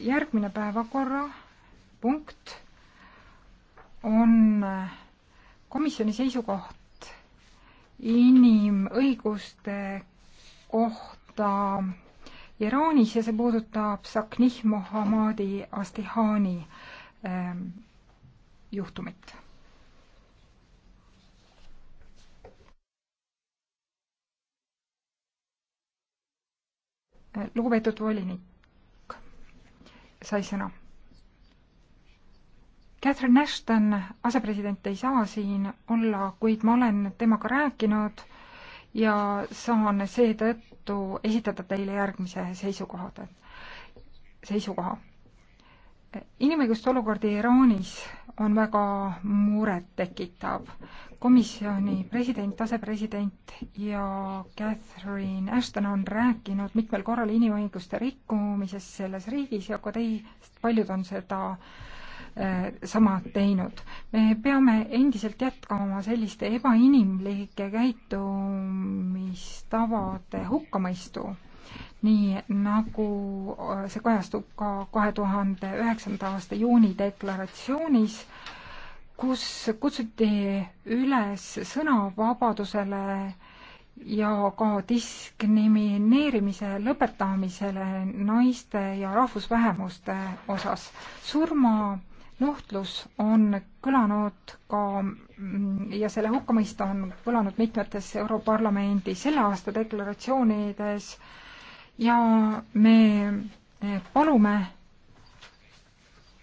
järgmine päevakorrapunkt on komisjoni seisukoht inimõiguste kohta Iraanis ja see puudutab Saknih Mohammadi Astihani ähm, juhtumit lugupeetud volinik sai sõna. Catherine Ashton, asepresident, ei saa siin olla, kuid ma olen temaga rääkinud ja saan seetõttu esitada teile järgmise seisukohad, seisukoha inimõiguste olukord Iraanis on väga murettekitav. komisjoni president, asepresident ja Catherine Ashton on rääkinud mitmel korral inimõiguste rikkumisest selles riigis ja ka teist, paljud on seda eh, sama teinud. me peame endiselt jätkama selliste ebainimlike käitumistavade hukkamõistu nii nagu äh, see kajastub ka kahe tuhande üheksanda aasta juuni deklaratsioonis, kus kutsuti üles sõnavabadusele ja ka diskrimineerimise lõpetamisele naiste ja rahvusvähemuste osas. surmanuhtlus on kõlanud ka mm, ja selle hukkamõist on kõlanud mitmetes Europarlamendi selle aasta deklaratsioonides äh, ja me e, palume,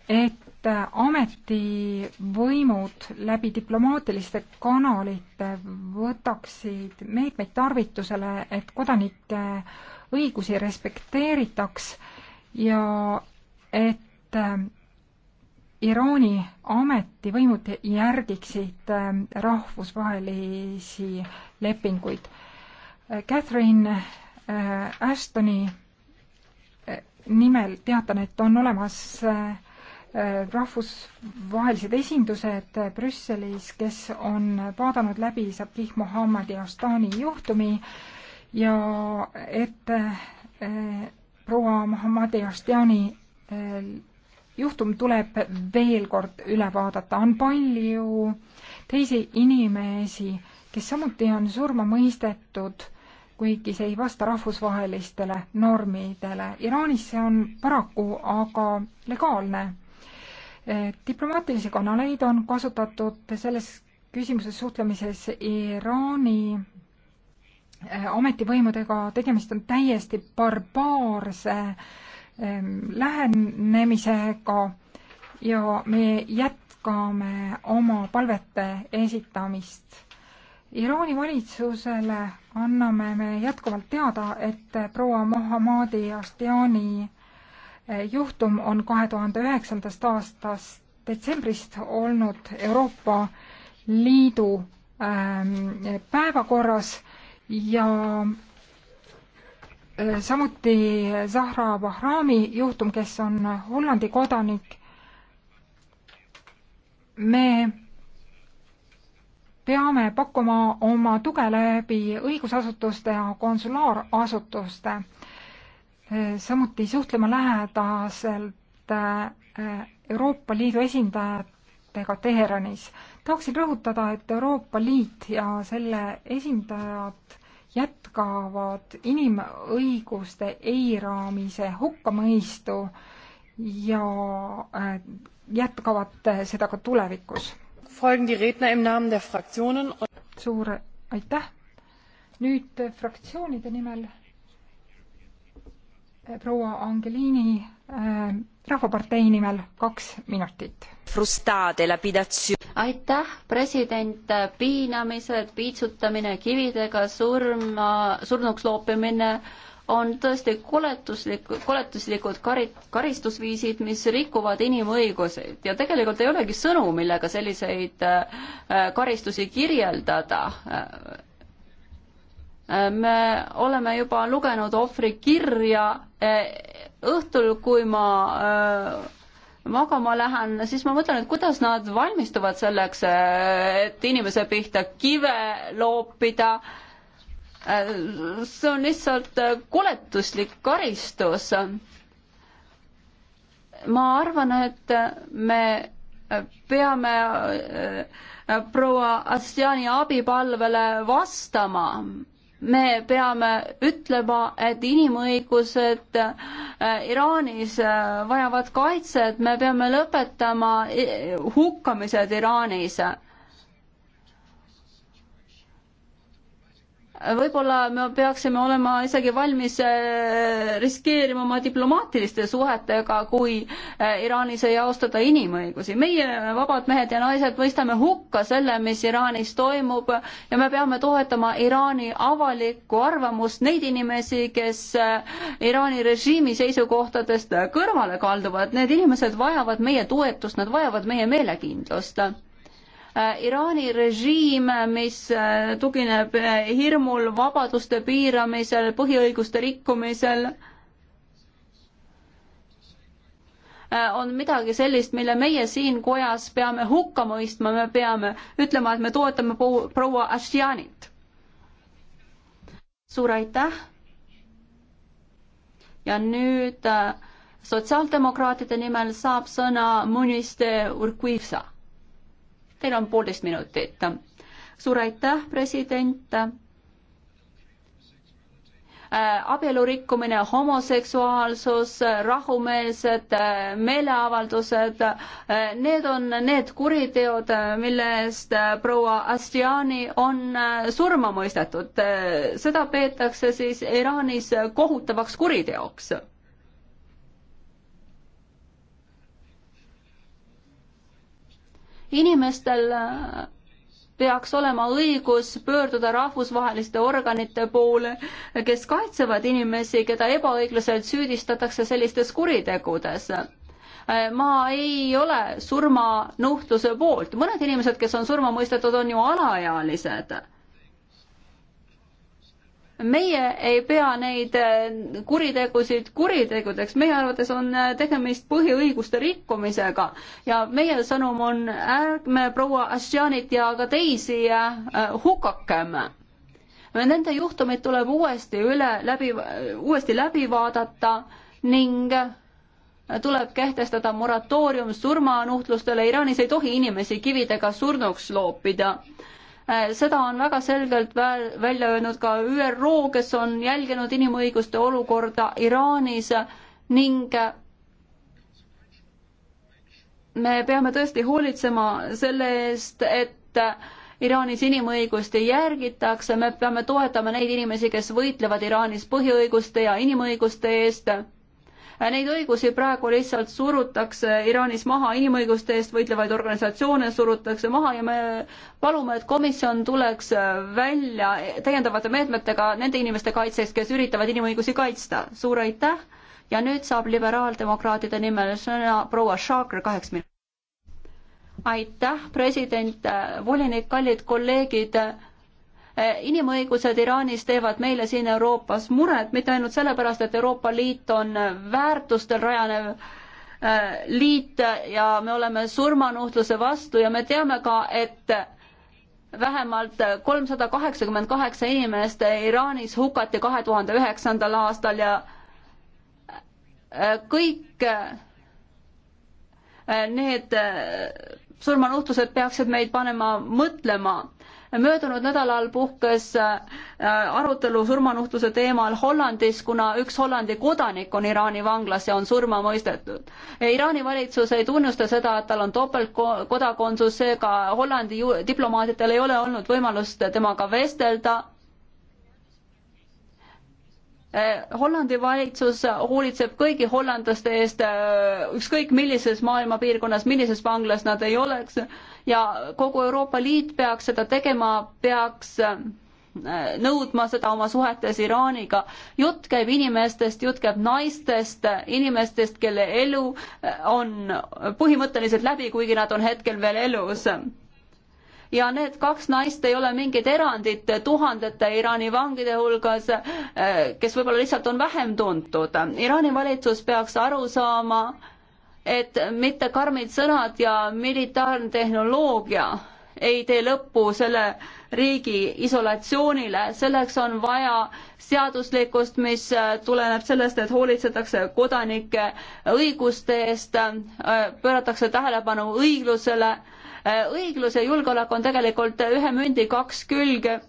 et ametivõimud läbi diplomaatiliste kanalite võtaksid meetmeid tarvitusele, et kodanike õigusi respekteeritaks ja et e, Iraani ametivõimud järgiksid e, rahvusvahelisi lepinguid. Catherine Äh, Ashtoni äh, nimel teatan, et on olemas äh, rahvusvahelised esindused Brüsselis, kes on vaadanud läbi Sabih Mohammadi Astani juhtumi ja et proua Mohammadi Astani juhtum tuleb veel kord üle vaadata, on palju teisi inimesi, kes samuti on surma mõistetud kuigi see ei vasta rahvusvahelistele normidele. Iraanis see on paraku aga legaalne. Eh, diplomaatilisi kanaleid on kasutatud selles küsimuses suhtlemises Iraani eh, ametivõimudega, tegemist on täiesti barbaarse eh, lähenemisega ja me jätkame oma palvete esitamist Iraani valitsusele anname me jätkuvalt teada, et proua Mohammadi Astiani eh, juhtum on kahe tuhande üheksandast aastast detsembrist olnud Euroopa Liidu ehm, päevakorras ja eh, samuti Zahra Bahrami juhtum, kes on Hollandi kodanik. me peame pakkuma oma tuge läbi õigusasutuste ja konsulaarasutuste, samuti suhtlema lähedaselt äh, Euroopa Liidu esindajatega Teheranis. tahaksin rõhutada, et Euroopa Liit ja selle esindajad jätkavad inimõiguste eiramise hukkamõistu ja äh, jätkavad seda ka tulevikus suur aitäh. nüüd fraktsioonide nimel äh, proua Angelini äh, Rahvapartei nimel kaks minutit. aitäh, president, piinamised, piitsutamine, kividega surma, surnuks loopimine äh,, on tõesti koletuslik, koletuslikud karit-, karistusviisid, mis rikuvad inimõiguseid ja tegelikult ei olegi sõnu, millega selliseid äh, karistusi kirjeldada. Äh, me oleme juba lugenud ohvri kirja, äh, õhtul, kui ma magama lähen, siis ma mõtlen, et kuidas nad valmistuvad selleks, et inimese pihta kive loopida Äh, see on lihtsalt äh, koletuslik karistus. ma arvan, et äh, me peame proua Astjani abipalvele vastama me peame ütlema, et inimõigused Iraanis vajavad kaitset, me peame lõpetama hukkamised Iraanis võib-olla me peaksime olema isegi valmis äh, riskeerima oma diplomaatiliste suhetega, kui äh, Iraanis ei austada inimõigusi. meie, vabad mehed ja naised, mõistame hukka selle, mis Iraanis toimub ja me peame toetama Iraani avalikku arvamust, neid inimesi, kes äh, Iraani režiimi seisukohtadest kõrvale kalduvad. Need inimesed vajavad meie toetust, nad vajavad meie meelekindlust Äh, Iraani režiim, mis äh, tugineb äh, hirmul, vabaduste piiramisel, põhiõiguste rikkumisel, on midagi sellist, mille meie siin kojas peame hukka mõistma, me peame ütlema, et me toetame proua Ashjanit. suur aitäh. ja nüüd sotsiaaldemokraatide nimel saab sõna Muniste Urquiza Teil on poolteist minutit. suur aitäh, president äh, abielu rikkumine, homoseksuaalsus, rahumeelsed äh, meeleavaldused, äh, need on need kuriteod, mille eest proua Astiani on surma mõistetud. seda peetakse siis Iraanis kohutavaks kuriteoks inimestel äh, peaks olema õigus pöörduda rahvusvaheliste organite poole, kes kaitsevad inimesi, keda ebaõiglaselt süüdistatakse sellistes kuritegudes. Äh, ma ei ole surmanuhtluse poolt, mõned inimesed, kes on surma mõistetud, on ju alaealised meie ei pea neid äh, kuritegusid kuritegudeks, meie arvates on äh, tegemist põhiõiguste rikkumisega ja meie sõnum on, ärme proua Asjanit ja ka teisi äh, hukakem. Nende juhtumid tuleb uuesti üle, läbi, uuesti läbi vaadata ning tuleb kehtestada moratoorium surmanuhtlustele, Iraanis ei tohi inimesi kividega surnuks loopida Äh, seda on väga selgelt välja öelnud ka ÜRO, kes on jälginud inimõiguste olukorda Iraanis ning äh, me peame tõesti hoolitsema selle eest, et äh, Iraanis inimõigusti järgitakse, me peame toetama neid inimesi, kes võitlevad Iraanis põhiõiguste ja inimõiguste eest Neid õigusi praegu lihtsalt surutakse Iraanis maha, inimõiguste eest võitlevaid organisatsioone surutakse maha ja me palume, et komisjon tuleks välja täiendavate meetmetega nende inimeste kaitseks, kes üritavad inimõigusi kaitsta. suur aitäh ja nüüd saab liberaaldemokraatide nimel sõna proua Šaakr kaheks minutiks. aitäh, president, volinik, kallid kolleegid inimõigused Iraanis teevad meile siin Euroopas muret, mitte ainult sellepärast, et Euroopa Liit on väärtustel rajanev äh, liit ja me oleme surmanuhtluse vastu ja me teame ka, et vähemalt kolmsada kaheksakümmend kaheksa inimest Iraanis hukati kahe tuhande üheksandal aastal ja äh, kõik äh, need surmanuhtlused peaksid meid panema mõtlema möödunud nädalal puhkes äh, arutelu surmanuhtluse teemal Hollandis, kuna üks Hollandi kodanik on Iraani vanglas ja on surma mõistetud. Iraani valitsus ei tunnusta seda, et tal on topeltkodakondsus, seega Hollandi diplomaatidel ei ole olnud võimalust temaga vestelda äh, Hollandi valitsus hoolitseb kõigi hollandlaste eest äh, ükskõik millises maailma piirkonnas, millises vanglas nad ei oleks ja kogu Euroopa Liit peaks seda tegema, peaks äh, nõudma seda oma suhetes Iraaniga. jutt käib inimestest, jutt käib naistest, inimestest, kelle elu äh, on põhimõtteliselt läbi, kuigi nad on hetkel veel elus. ja need kaks naist ei ole mingid erandid tuhandete Iraani vangide hulgas, äh, kes võib-olla lihtsalt on vähem tuntud. Iraani valitsus peaks aru saama, et mitte karmid sõnad ja militaarne tehnoloogia ei tee lõppu selle riigi isolatsioonile, selleks on vaja seaduslikkust, mis äh, tuleneb sellest, et hoolitsetakse kodanike õiguste eest, äh, pööratakse tähelepanu õiglusele. Äh, õiglus ja julgeolek on tegelikult ühe mündi kaks külge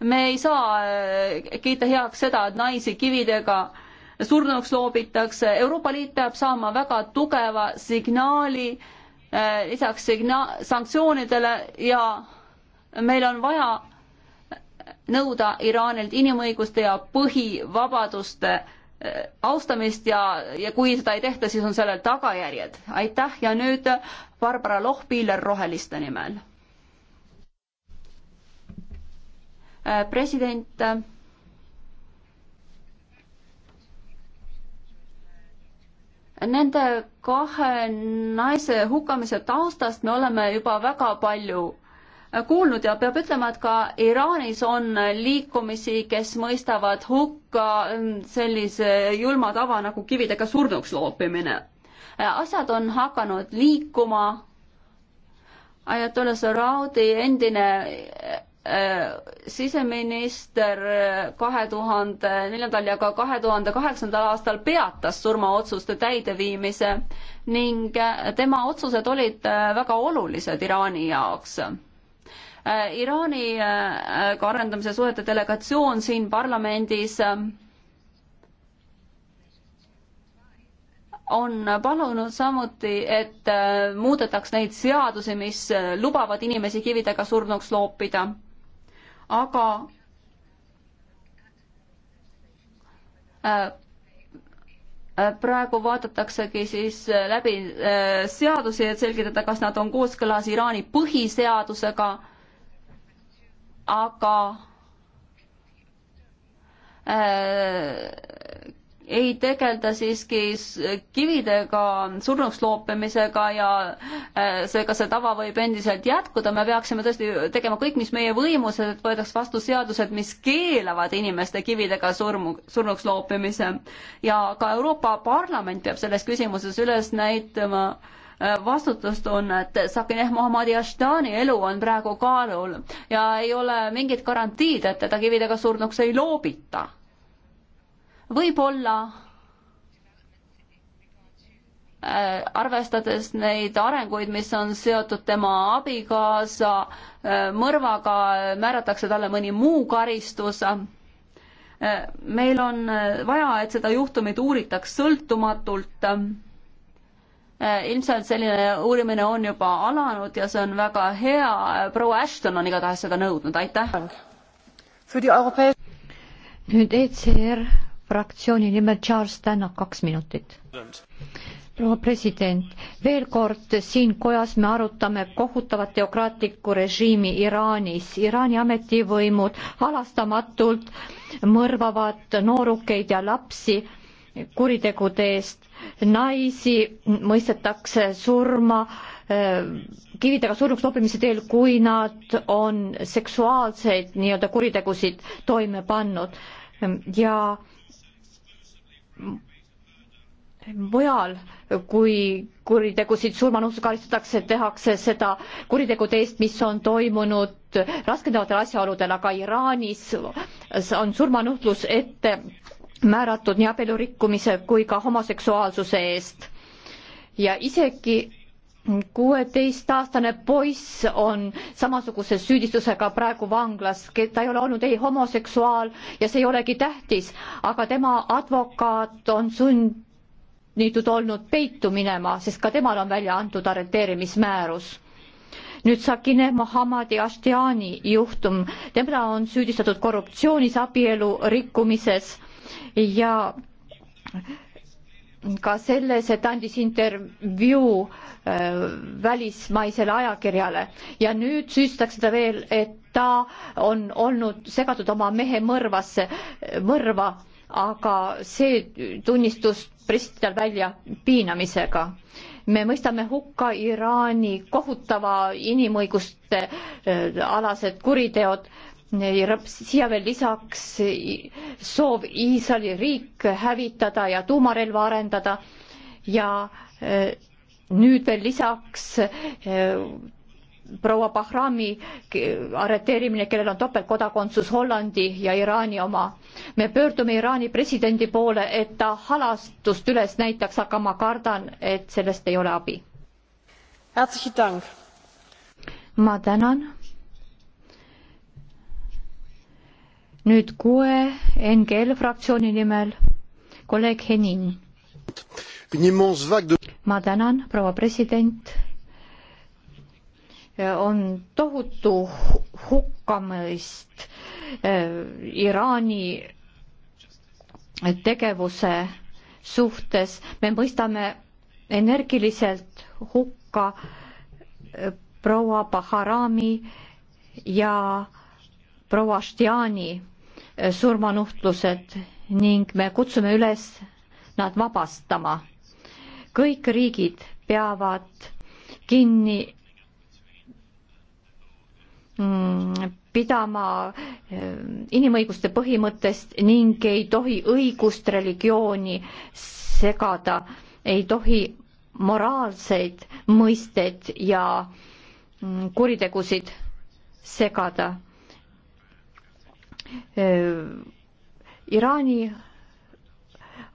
me ei saa kiita heaks seda, et naisi kividega äh, surnuks loobitakse. Euroopa Liit peab saama väga tugeva signaali eh, lisaks signa-, sanktsioonidele ja meil on vaja nõuda Iraanilt inimõiguste ja põhivabaduste eh, austamist ja, ja kui seda ei tehta, siis on sellel tagajärjed. aitäh ja nüüd Barbara Lohpiiler Roheliste nimel. Eh, president Nende kahe naise hukkamise taustast me oleme juba väga palju kuulnud ja peab ütlema, et ka Iraanis on liikumisi, kes mõistavad hukka mm, sellise julma tava nagu kividega surnuks loopimine. asjad on hakanud liikuma. Ajatollah Saraudi endine siseminister kahe tuhande neljandal ja ka kahe tuhande kaheksandal aastal peatas surmaotsuste täideviimise ning tema otsused olid väga olulised Iraani jaoks. Iraaniga äh, arendamise suhete delegatsioon siin parlamendis äh, on palunud samuti, et äh, muudetaks neid seadusi, mis lubavad inimesi kividega surnuks loopida aga äh, äh, praegu vaadataksegi siis äh, läbi seadusi, et selgitada, kas nad on kooskõlas Iraani põhiseadusega, aga ei tegelda siiski kividega, surnuks loopimisega ja äh, seega see tava võib endiselt jätkuda, me peaksime tõesti tegema kõik, mis meie võimuses, et võetaks vastu seadused, mis keelavad inimeste kividega surmu, surnuks loopimise. ja ka Euroopa Parlament peab selles küsimuses üles näitama äh, vastutustunnet. Sakineh Mohammadi Ashtani elu on praegu kaalul ja ei ole mingit garantiid, et teda kividega surnuks ei loobita võib-olla äh, arvestades neid arenguid, mis on seotud tema abikaasa äh, mõrvaga, määratakse talle mõni muu karistus. Äh, meil on vaja, et seda juhtumit uuritaks sõltumatult. ilmselt selline uurimine on juba alanud ja see on väga hea. proua Ashton on igatahes seda nõudnud, aitäh. nüüd ECR fraktsiooni nimel Charles Tannock, kaks minutit. proua president, veel kord siin kojas me arutame kohutavat teokraatlikku režiimi Iraanis. Iraani ametivõimud halastamatult mõrvavad noorukeid ja lapsi kuritegude eest. naisi mõistetakse surma äh, kividega surnuks loopimise teel, kui nad on seksuaalseid nii-öelda kuritegusid toime pannud ja mujal, kui kuritegusid surmanuhtlusega karistatakse, tehakse seda kuritegude eest, mis on toimunud raskendavatel asjaoludel, aga Iraanis on surmanuhtlus ette määratud nii abielu rikkumise kui ka homoseksuaalsuse eest. ja isegi kuueteistaastane poiss on samasuguse süüdistusega praegu vanglas, ta ei ole olnud ei homoseksuaal ja see ei olegi tähtis, aga tema advokaat on sund Liidud olnud peitu minema, sest ka temal on välja antud arreteerimismäärus. nüüd Sakine Mohammadi Ashtiani juhtum, tema on süüdistatud korruptsioonis, abielu rikkumises ja ka selles, et andis intervjuu äh, välismaisele ajakirjale ja nüüd süüdistatakse ta veel, et ta on olnud segatud oma mehe mõrvasse, mõrva aga see tunnistus pressiti tal välja piinamisega. me mõistame hukka Iraani kohutava inimõiguste äh, alased kuriteod siia veel lisaks soov Iisraeli riik hävitada ja tuumarelva arendada ja äh, nüüd veel lisaks äh, proua Bahrami arreteerimine, kellel on topeltkodakondsus Hollandi ja Iraani oma. me pöördume Iraani presidendi poole, et ta halastust üles näitaks, aga ma kardan, et sellest ei ole abi. ma tänan. nüüd kuue NGL fraktsiooni nimel kolleeg Henin. ma tänan, proua president on tohutu hukkamõist eh, Iraani tegevuse suhtes. me mõistame energiliselt hukka eh, proua Baharami ja proua Štjani eh, surmanuhtlused ning me kutsume üles nad vabastama. kõik riigid peavad kinni Mm, pidama eh, inimõiguste põhimõttest ning ei tohi õigust religiooni segada, ei tohi moraalseid mõisteid ja mm, kuritegusid segada. Eh, Iraani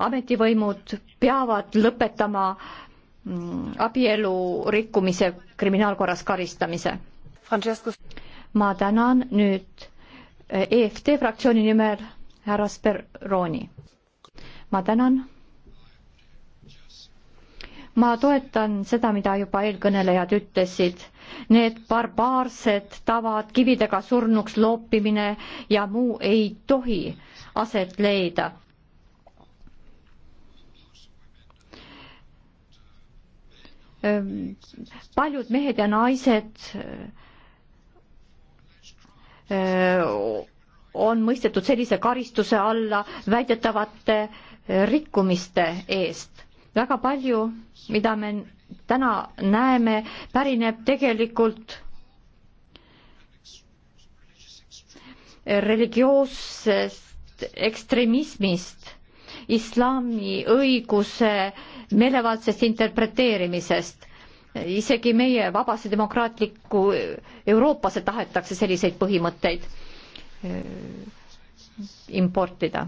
ametivõimud peavad lõpetama mm, abielu rikkumise kriminaalkorras karistamise. Francesco ma tänan nüüd äh, EFT fraktsiooni nimel härra Speroni. ma tänan. ma toetan seda, mida juba eelkõnelejad ütlesid. Need barbaarsed tavad, kividega surnuks loopimine ja muu ei tohi aset leida äh, paljud mehed ja naised on mõistetud sellise karistuse alla väidetavate rikkumiste eest. väga palju, mida me täna näeme, pärineb tegelikult religioossest ekstremismist, islami õiguse meelevaldsest interpreteerimisest isegi meie vabasse demokraatlikku Euroopasse tahetakse selliseid põhimõtteid äh, importida.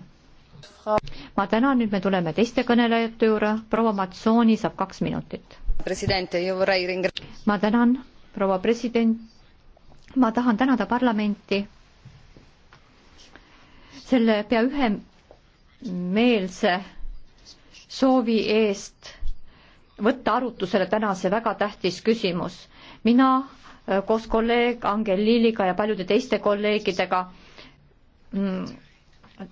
ma tänan, nüüd me tuleme teiste kõnelejate juurde, proua Matsooni saab kaks minutit. ma tänan, proua president, ma tahan tänada parlamenti selle pea ühemeelse soovi eest võtta arutusele täna see väga tähtis küsimus. mina äh, koos kolleeg Angeliliga ja paljude teiste kolleegidega mm, äh,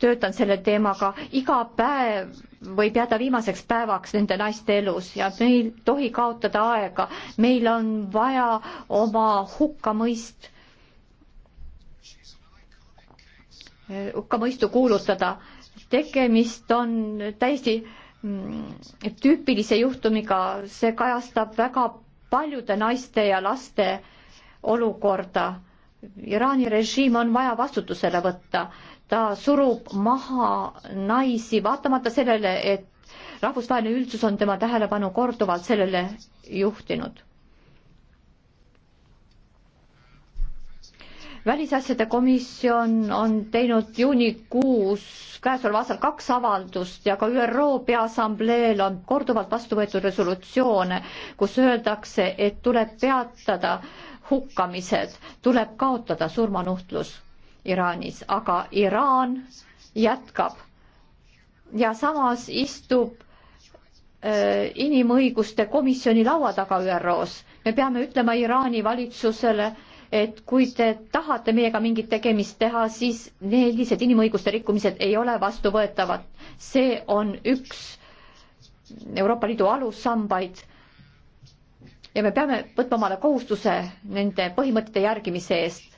töötan selle teemaga, iga päev võib jääda viimaseks päevaks nende naiste elus ja me ei tohi kaotada aega, meil on vaja oma hukkamõist, äh, hukkamõistu kuulutada. tegemist on täiesti äh, Mm, tüüpilise juhtumiga, see kajastab väga paljude naiste ja laste olukorda. Iraani režiim on vaja vastutusele võtta, ta surub maha naisi, vaatamata sellele, et rahvusvaheline üldsus on tema tähelepanu korduvalt sellele juhtinud välisasjade komisjon on teinud juunikuus käesoleval aastal kaks avaldust ja ka ÜRO Peaassambleel on korduvalt vastu võetud resolutsioone, kus öeldakse, et tuleb peatada hukkamised, tuleb kaotada surmanuhtlus Iraanis, aga Iraan jätkab ja samas istub äh, inimõiguste komisjoni laua taga ÜRO-s. me peame ütlema Iraani valitsusele, et kui te tahate meiega mingit tegemist teha, siis sellised inimõiguste rikkumised ei ole vastuvõetavad. see on üks Euroopa Liidu alussambaid ja me peame võtma omale kohustuse nende põhimõtete järgimise eest.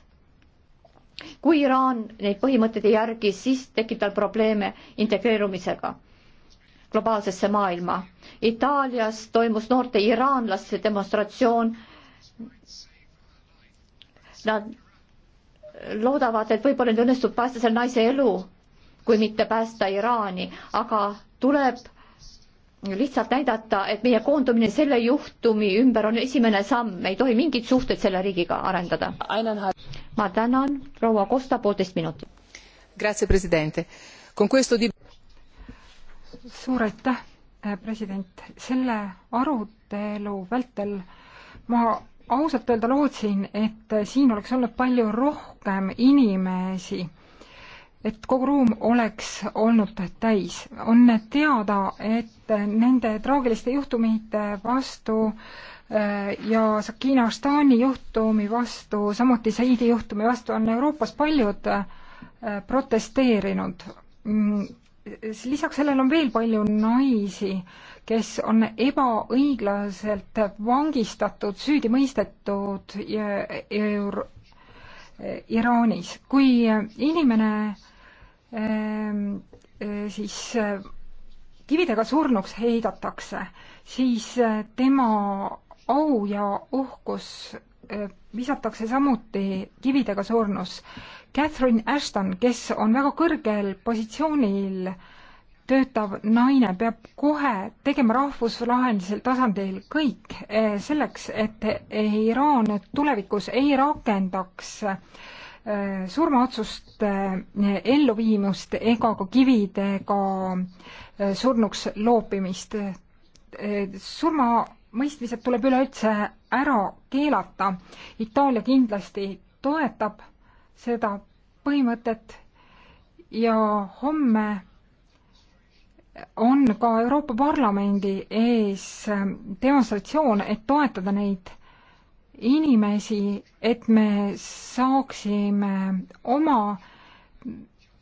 kui Iraan neid põhimõtteid ei järgi, siis tekib tal probleeme integreerumisega globaalsesse maailma. Itaalias toimus noorte iraanlaste demonstratsioon Nad loodavad, et võib-olla nüüd õnnestub päästa selle naise elu, kui mitte päästa Iraani, aga tuleb lihtsalt näidata, et meie koondumine selle juhtumi ümber on esimene samm, me ei tohi mingeid suhteid selle riigiga arendada. ma tänan, proua Kosta, poolteist minutit. suur aitäh, president, selle arutelu vältel ma ausalt öelda lootsin, et siin oleks olnud palju rohkem inimesi, et kogu ruum oleks olnud täis. on teada, et nende traagiliste juhtumite vastu äh, ja Sakina Astani juhtumi vastu, samuti Saidi juhtumi vastu on Euroopas paljud äh, protesteerinud mm, lisaks sellele on veel palju naisi, kes on ebaõiglaselt vangistatud, süüdi mõistetud Euro Iraanis. kui inimene ehm, siis kividega surnuks heidatakse, siis eh, tema au ja uhkus Äh, visatakse samuti kividega surnuks. Catherine Ashton, kes on väga kõrgel positsioonil töötav naine, peab kohe tegema rahvusvahelisel tasandil kõik äh, selleks, et Iraan tulevikus ei rakendaks äh, surmaotsust, elluviimust ega ka kividega surnuks loopimist. surma mõistmised tuleb üleüldse ära keelata. Itaalia kindlasti toetab seda põhimõtet ja homme on ka Euroopa Parlamendi ees ähm, demonstratsioon, et toetada neid inimesi, et me saaksime oma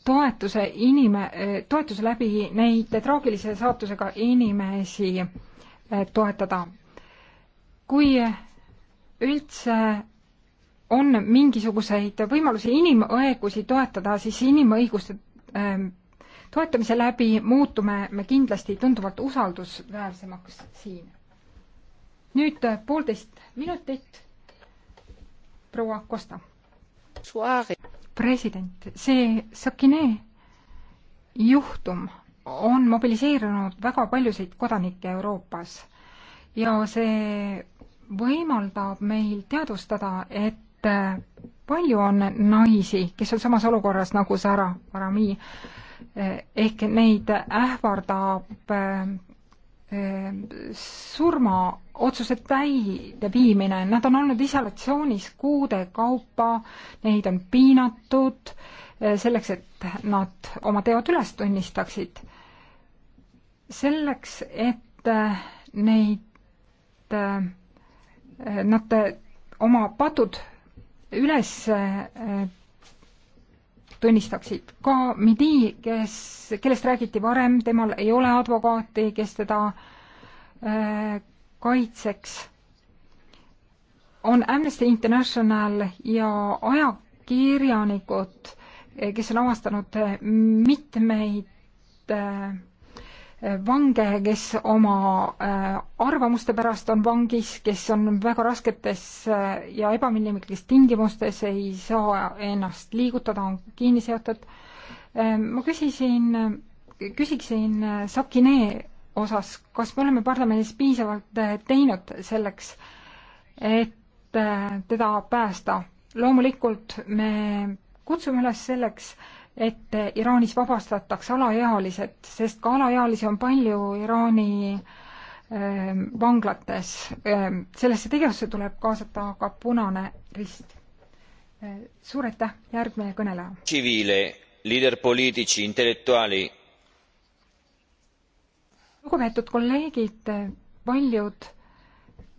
toetuse inime-, äh, toetuse läbi neid traagilise saatusega inimesi äh, toetada kui üldse on mingisuguseid võimalusi inimõigusi toetada, siis inimõiguste ähm, toetamise läbi muutume me kindlasti tunduvalt usaldusväärsemaks siin. nüüd äh, poolteist minutit, proua Kosta. president, see Sakine juhtum on mobiliseerunud väga paljusid kodanikke Euroopas ja see võimaldab meil teadvustada, et äh, palju on naisi, kes on samas olukorras nagu Sara Parami. Äh, ehk neid ähvardab äh, surmaotsuse täideviimine, nad on olnud isolatsioonis kuude kaupa, neid on piinatud selleks, et nad oma teod üles tunnistaksid. selleks, et neid nad eh, oma patud üles eh, tunnistaksid. ka Midi, kes, kellest räägiti varem, temal ei ole advokaati, kes teda eh, kaitseks, on Amnesty International ja ajakirjanikud, kes on avastanud mitmeid vange, kes oma äh, arvamuste pärast on vangis, kes on väga rasketes äh, ja ebamiinimlikes tingimustes, ei saa ennast liigutada, on kinni seotud. Äh, ma küsisin, küsiksin Sakine osas, kas me oleme parlamendis piisavalt teinud selleks, et teda päästa? loomulikult me kutsume üles selleks, et Iraanis vabastataks alaealised, sest ka alaealisi on palju Iraani ähm, vanglates. Ähm, sellesse tegevusse tuleb kaasata ka Punane Rist. Äh, suur aitäh, järgmine kõneleja. tsiviile, liider poliitici, intellektuaali. lugupeetud kolleegid, paljud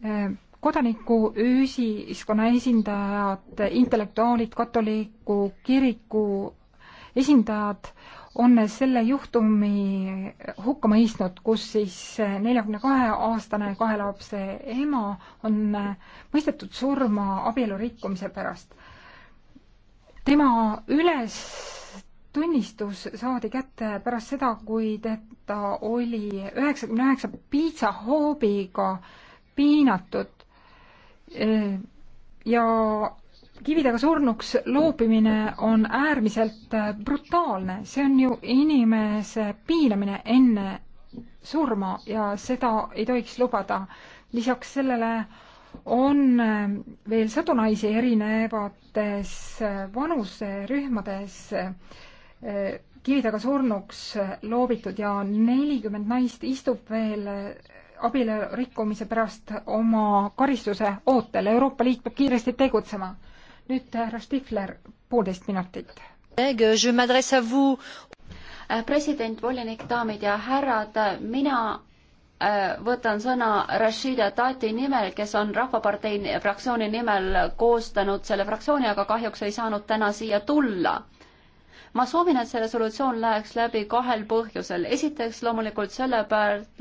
ähm, kodanikuühiskonna esindajad, intellektuaalid, katoliku kiriku esindajad on selle juhtumi hukka mõistnud, kus siis neljakümne kahe aastane kahe lapse ema on mõistetud surma abielu rikkumise pärast. tema ülestunnistus saadi kätte pärast seda, kui ta oli üheksakümne üheksa piitsahoobiga piinatud ja kividega surnuks loopimine on äärmiselt äh, brutaalne, see on ju inimese piinamine enne surma ja seda ei tohiks lubada. lisaks sellele on äh, veel sadu naisi erinevates äh, vanuserühmades kividega surnuks loobitud ja nelikümmend naist istub veel abielu rikkumise pärast oma karistuse ootel. Euroopa Liit peab kiiresti tegutsema nüüd härra Stifler, poolteist minutit. Äh, president, volinik, daamid ja härrad, mina äh, võtan sõna Rashida Tati nimel, kes on Rahvapartei fraktsiooni nimel koostanud selle fraktsiooni, aga kahjuks ei saanud täna siia tulla ma soovin, et see resolutsioon läheks läbi kahel põhjusel. esiteks loomulikult sellepärast,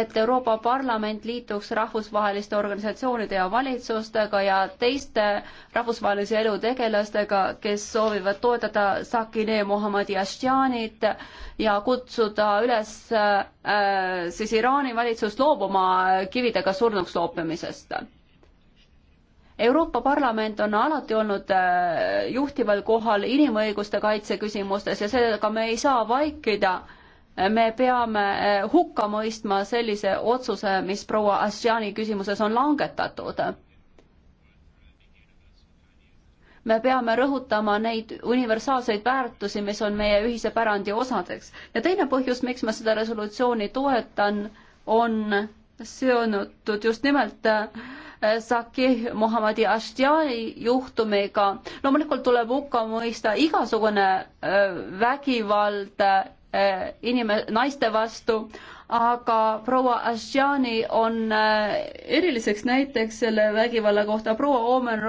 et Euroopa Parlament liituks rahvusvaheliste organisatsioonide ja valitsustega ja teiste rahvusvahelise elu tegelastega, kes soovivad toetada Sakine Mohammadi Ashtianit ja kutsuda üles äh, siis Iraani valitsust loobuma kividega surnuks loopimisest Euroopa Parlament on alati olnud äh, juhtival kohal inimõiguste kaitse küsimustes ja seega me ei saa vaikida. me peame äh, hukka mõistma sellise otsuse, mis proua Asjani küsimuses on langetatud. me peame rõhutama neid universaalseid väärtusi, mis on meie ühise pärandi osadeks. ja teine põhjus, miks ma seda resolutsiooni toetan, on seotud just nimelt äh, Saki Mohammadi Ashtiani juhtumiga. loomulikult tuleb hukka mõista igasugune äh, vägivald Äh, inime-, naiste vastu, aga proua Asjani on äh, eriliseks näiteks selle vägivalla kohta, proua Omen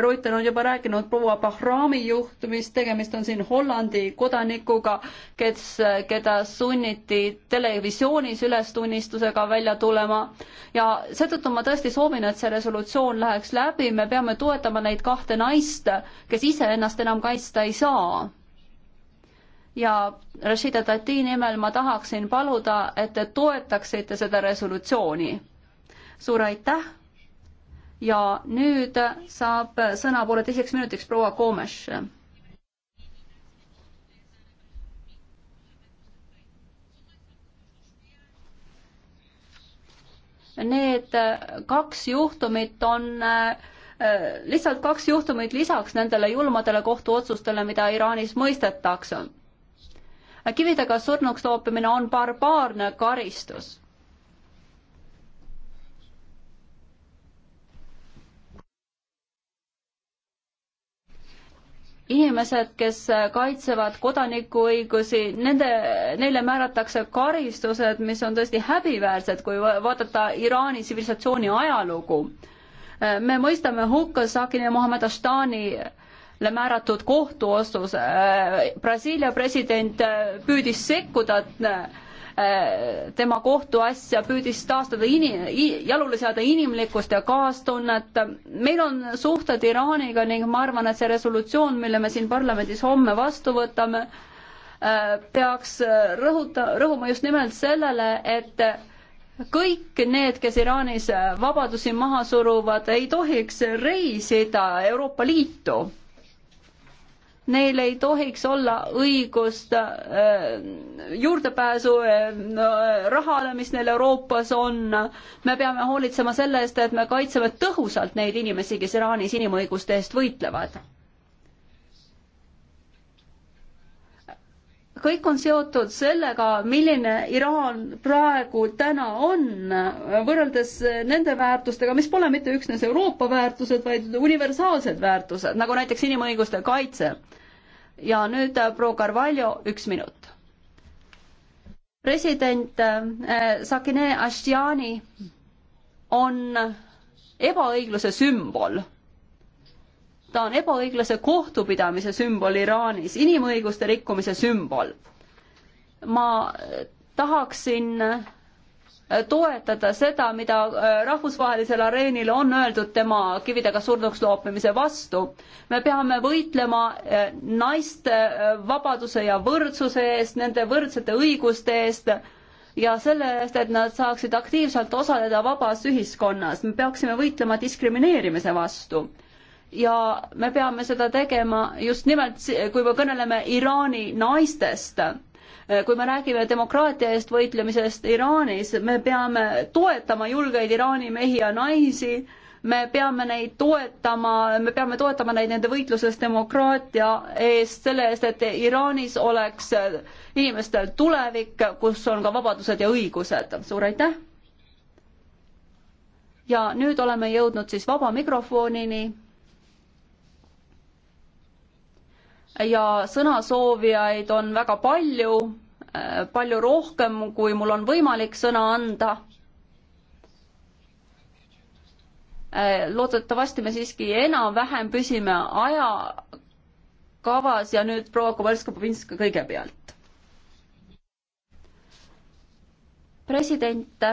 Reuter äh, on juba rääkinud proua Bahrami juhtumist, tegemist on siin Hollandi kodanikuga, kes, keda sunniti televisioonis ülestunnistusega välja tulema ja seetõttu ma tõesti soovin, et see resolutsioon läheks läbi, me peame toetama neid kahte naist, kes ise ennast enam kaitsta ei saa ja Rashida Tati nimel ma tahaksin paluda, et te toetaksite seda resolutsiooni. suur aitäh ja nüüd saab sõna pooleteiseks minutiks proua Koomes. Need kaks juhtumit on lihtsalt kaks juhtumit lisaks nendele julmadele kohtuotsustele, mida Iraanis mõistetakse kividega surnuks loopimine on barbaarne karistus inimesed, kes kaitsevad kodanikuõigusi, nende, neile määratakse karistused, mis on tõesti häbiväärsed, kui vaadata Iraani tsivilisatsiooni ajalugu. me mõistame hukka Sakine Mohammed Ashtani määratud kohtuotsus. Äh, Brasiilia president äh, püüdis sekkuda äh, tema kohtuasja, püüdis taastada ini-, jalule seada inimlikkust ja kaastunnet. meil on suhted Iraaniga ning ma arvan, et see resolutsioon, mille me siin parlamendis homme vastu võtame, peaks rõhuta, rõhuma just nimelt sellele, et kõik need, kes Iraanis vabadusi maha suruvad, ei tohiks reisida Euroopa Liitu neil ei tohiks olla õigust äh, juurdepääsu äh, äh, rahale, mis neil Euroopas on. me peame hoolitsema selle eest, et me kaitseme tõhusalt neid inimesi, kes Iraanis inimõiguste eest võitlevad kõik on seotud sellega, milline Iraan praegu täna on, võrreldes nende väärtustega, mis pole mitte üksnes Euroopa väärtused, vaid universaalsed väärtused, nagu näiteks inimõiguste kaitse. ja nüüd äh, proua Carvalho, üks minut. president äh, Sakine Ashtiani on ebaõigluse sümbol ta on ebaõiglase kohtupidamise sümbol Iraanis, inimõiguste rikkumise sümbol. ma äh, tahaksin äh, toetada seda, mida äh, rahvusvahelisel areenil on öeldud tema kividega surnuks loopimise vastu. me peame võitlema naiste vabaduse ja võrdsuse eest, nende võrdsete õiguste eest ja selle eest, et nad saaksid aktiivselt osaleda vabas ühiskonnas. me peaksime võitlema diskrimineerimise vastu ja me peame seda tegema just nimelt, kui me kõneleme Iraani naistest. kui me räägime demokraatia eest võitlemisest Iraanis, me peame toetama julgeid Iraani mehi ja naisi, me peame neid toetama, me peame toetama neid nende võitluses demokraatia eest, selle eest, et Iraanis oleks inimestel tulevik, kus on ka vabadused ja õigused. suur aitäh! ja nüüd oleme jõudnud siis vaba mikrofonini ja sõnasoovijaid on väga palju, äh, palju rohkem, kui mul on võimalik sõna anda. Äh, loodetavasti me siiski enam-vähem püsime ajakavas ja nüüd proua Kovalska-Povinska kõigepealt. president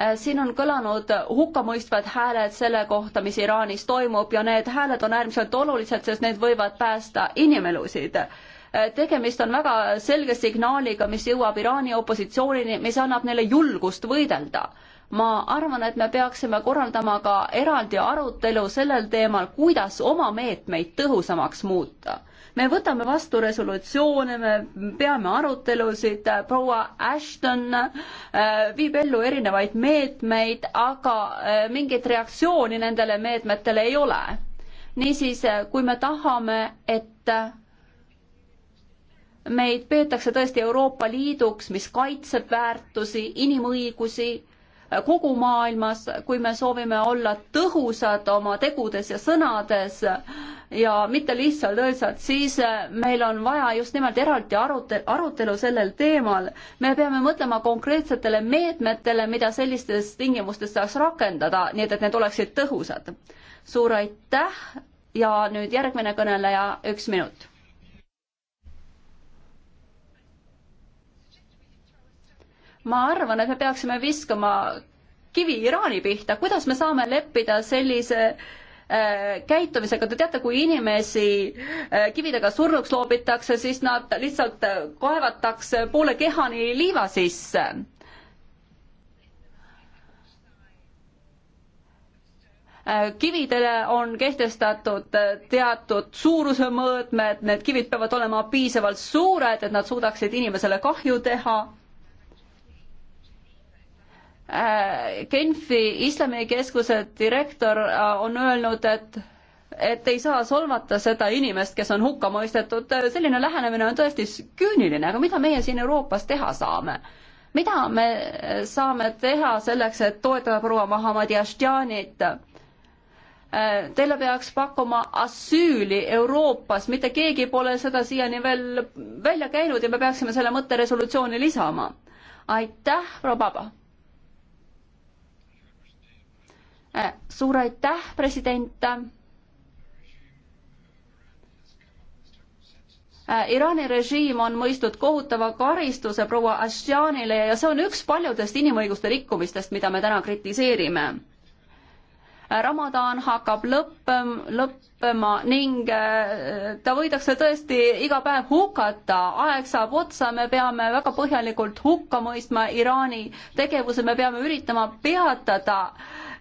Äh, siin on kõlanud hukkamõistvad hääled selle kohta, mis Iraanis toimub ja need hääled on äärmiselt olulised, sest need võivad päästa inimelusid. Äh, tegemist on väga selge signaaliga, mis jõuab Iraani opositsioonini, mis annab neile julgust võidelda. ma arvan, et me peaksime korraldama ka eraldi arutelu sellel teemal, kuidas oma meetmeid tõhusamaks muuta me võtame vastu resolutsioone, me peame arutelusid, proua Ashton äh, viib ellu erinevaid meetmeid, aga äh, mingit reaktsiooni nendele meetmetele ei ole. niisiis, äh, kui me tahame, et meid peetakse tõesti Euroopa Liiduks, mis kaitseb väärtusi, inimõigusi, kogu maailmas, kui me soovime olla tõhusad oma tegudes ja sõnades ja mitte lihtsalt õilsad, siis äh, meil on vaja just nimelt eraldi arute-, arutelu sellel teemal. me peame mõtlema konkreetsetele meetmetele, mida sellistes tingimustes saaks rakendada, nii et, et need oleksid tõhusad. suur aitäh ja nüüd järgmine kõneleja, üks minut ma arvan, et me peaksime viskama kivi Iraani pihta, kuidas me saame leppida sellise äh, käitumisega, te teate, kui inimesi äh, kividega surnuks loobitakse, siis nad lihtsalt äh, kaevatakse poole kehani liiva sisse. kividele on kehtestatud teatud suuruse mõõtmed, need kivid peavad olema piisavalt suured, et nad suudaksid inimesele kahju teha Äh, Genfi islamikeskuse direktor äh, on öelnud, et et ei saa solvata seda inimest, kes on hukka mõistetud, äh, selline lähenemine on tõesti küüniline, aga mida meie siin Euroopas teha saame? mida me saame teha selleks, et toetada proua Mahamadi Ashtianit? Teile peaks pakkuma asüüli Euroopas, mitte keegi pole seda siiani veel välja käinud ja me peaksime selle mõtte resolutsiooni lisama. aitäh, proua Paba! Äh, suur aitäh, president. Äh, Iraani režiim on mõistnud kohutava karistuse proua Ashjanile ja see on üks paljudest inimõiguste rikkumistest, mida me täna kritiseerime äh, Ramadan hakkab lõppem, lõppema ning ta võidakse tõesti iga päev hukata, aeg saab otsa, me peame väga põhjalikult hukka mõistma Iraani tegevuse, me peame üritama peatada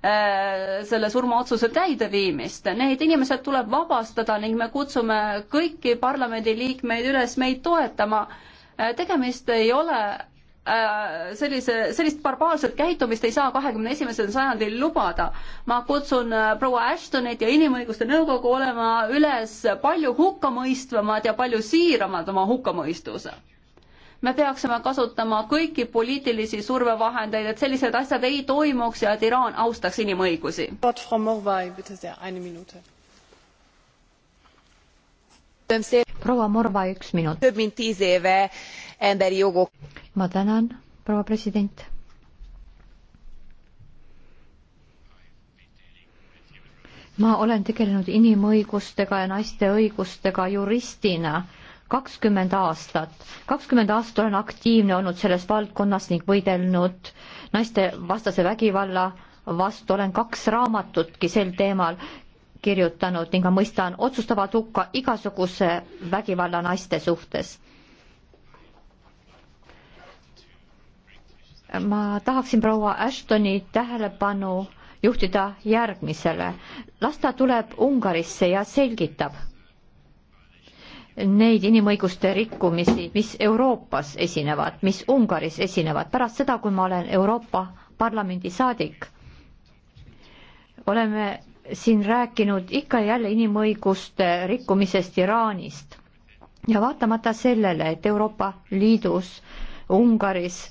Äh, selle surmaotsuse täideviimist. Need inimesed tuleb vabastada ning me kutsume kõiki parlamendiliikmeid üles meid toetama. Äh, tegemist ei ole äh, sellise, sellist barbaarset käitumist ei saa kahekümne esimesel sajandil lubada. ma kutsun proua Ashtonit ja Inimõiguste Nõukogu olema üles palju hukkamõistvamad ja palju siiramad oma hukkamõistuse me peaksime kasutama kõiki poliitilisi survevahendeid, et sellised asjad ei toimuks ja et Iraan austaks inimõigusi. proua Morva, üks minut. ma tänan, proua president. ma olen tegelenud inimõigustega ja naiste õigustega juristina kakskümmend aastat, kakskümmend aastat olen aktiivne olnud selles valdkonnas ning võidelnud naistevastase vägivalla vastu, olen kaks raamatutki sel teemal kirjutanud ning ma mõistan otsustavalt hukka igasuguse vägivalla naiste suhtes. ma tahaksin proua Ashtoni tähelepanu juhtida järgmisele. las ta tuleb Ungarisse ja selgitab neid inimõiguste rikkumisi, mis Euroopas esinevad, mis Ungaris esinevad, pärast seda, kui ma olen Euroopa Parlamendi saadik, oleme siin rääkinud ikka ja jälle inimõiguste rikkumisest Iraanist ja vaatamata sellele, et Euroopa Liidus, Ungaris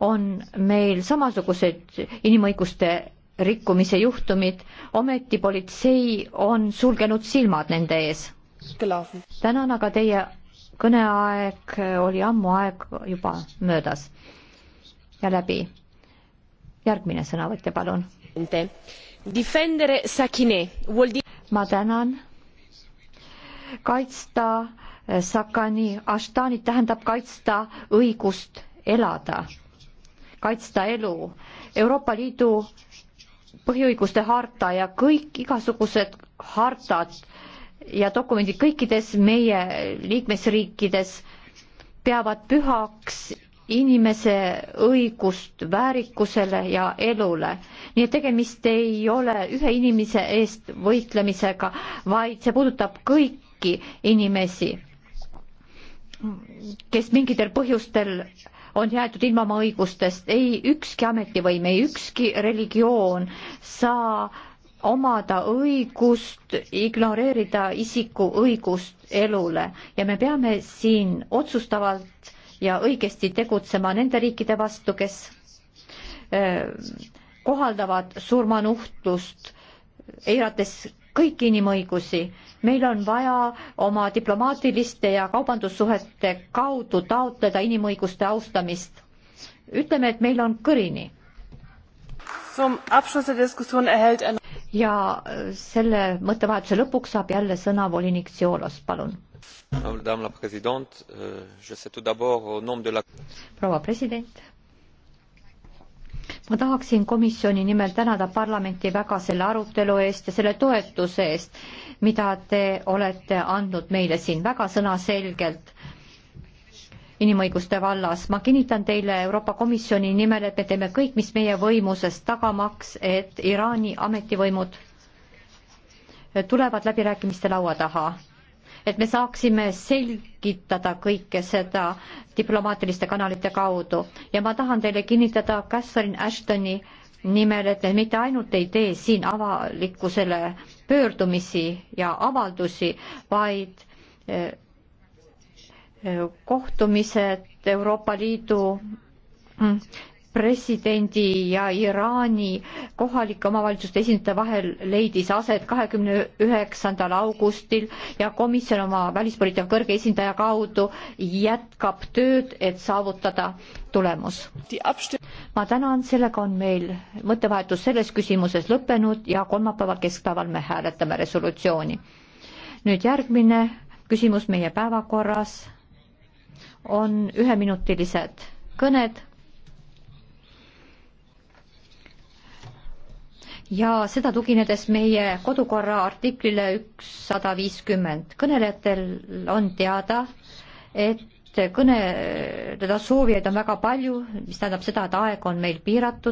on meil samasugused inimõiguste rikkumise juhtumid, ometi politsei on sulgenud silmad nende ees tänan, aga teie kõneaeg oli ammu aeg juba möödas ja läbi. järgmine sõnavõtja, palun. ma tänan. kaitsta Sakani Ashtanit tähendab kaitsta õigust elada, kaitsta elu. Euroopa Liidu põhiõiguste harta ja kõik igasugused hartad äh, ja dokumendid kõikides meie liikmesriikides peavad pühaks inimese õigust väärikusele ja elule. nii et tegemist ei ole ühe inimese eest võitlemisega, vaid see puudutab kõiki inimesi, kes mingitel põhjustel on jäetud ilma oma õigustest. ei ükski ametivõim, ei ükski religioon saa omada õigust ignoreerida isiku õigust elule ja me peame siin otsustavalt ja õigesti tegutsema nende riikide vastu, kes kohaldavad surmanuhtlust, eirates kõiki inimõigusi. meil on vaja oma diplomaatiliste ja kaubandussuhete kaudu taotleda inimõiguste austamist. ütleme, et meil on kõrini ja äh, selle mõttevahetuse lõpuks saab jälle sõna volinik Tsiolos, palun. Euh, proua president, ma tahaksin komisjoni nimel tänada parlamenti väga selle arutelu eest ja selle toetuse eest, mida te olete andnud meile siin väga sõnaselgelt inimõiguste vallas. ma kinnitan teile Euroopa Komisjoni nimel, et me teeme kõik, mis meie võimuses, tagamaks, et Iraani ametivõimud tulevad läbirääkimiste laua taha et me saaksime selgitada kõike seda diplomaatiliste kanalite kaudu ja ma tahan teile kinnitada Catherine Ashtoni nimel, et me mitte ainult ei tee siin avalikkusele pöördumisi ja avaldusi, vaid eh, kohtumised Euroopa Liidu mm, presidendi ja Iraani kohalike omavalitsuste esindajate vahel leidis aset kahekümne üheksandal augustil ja komisjon oma välispoliitika kõrge esindaja kaudu jätkab tööd, et saavutada tulemus. ma tänan, sellega on meil mõttevahetus selles küsimuses lõppenud ja kolmapäeval keskpäeval me hääletame resolutsiooni. nüüd järgmine küsimus meie päevakorras on üheminutilised kõned. ja seda tuginedes meie kodukorra artiklile ükssada viiskümmend. kõnelejatel on teada, et kõneleda soovijaid on väga palju, mis tähendab seda, et aeg on meil piiratud.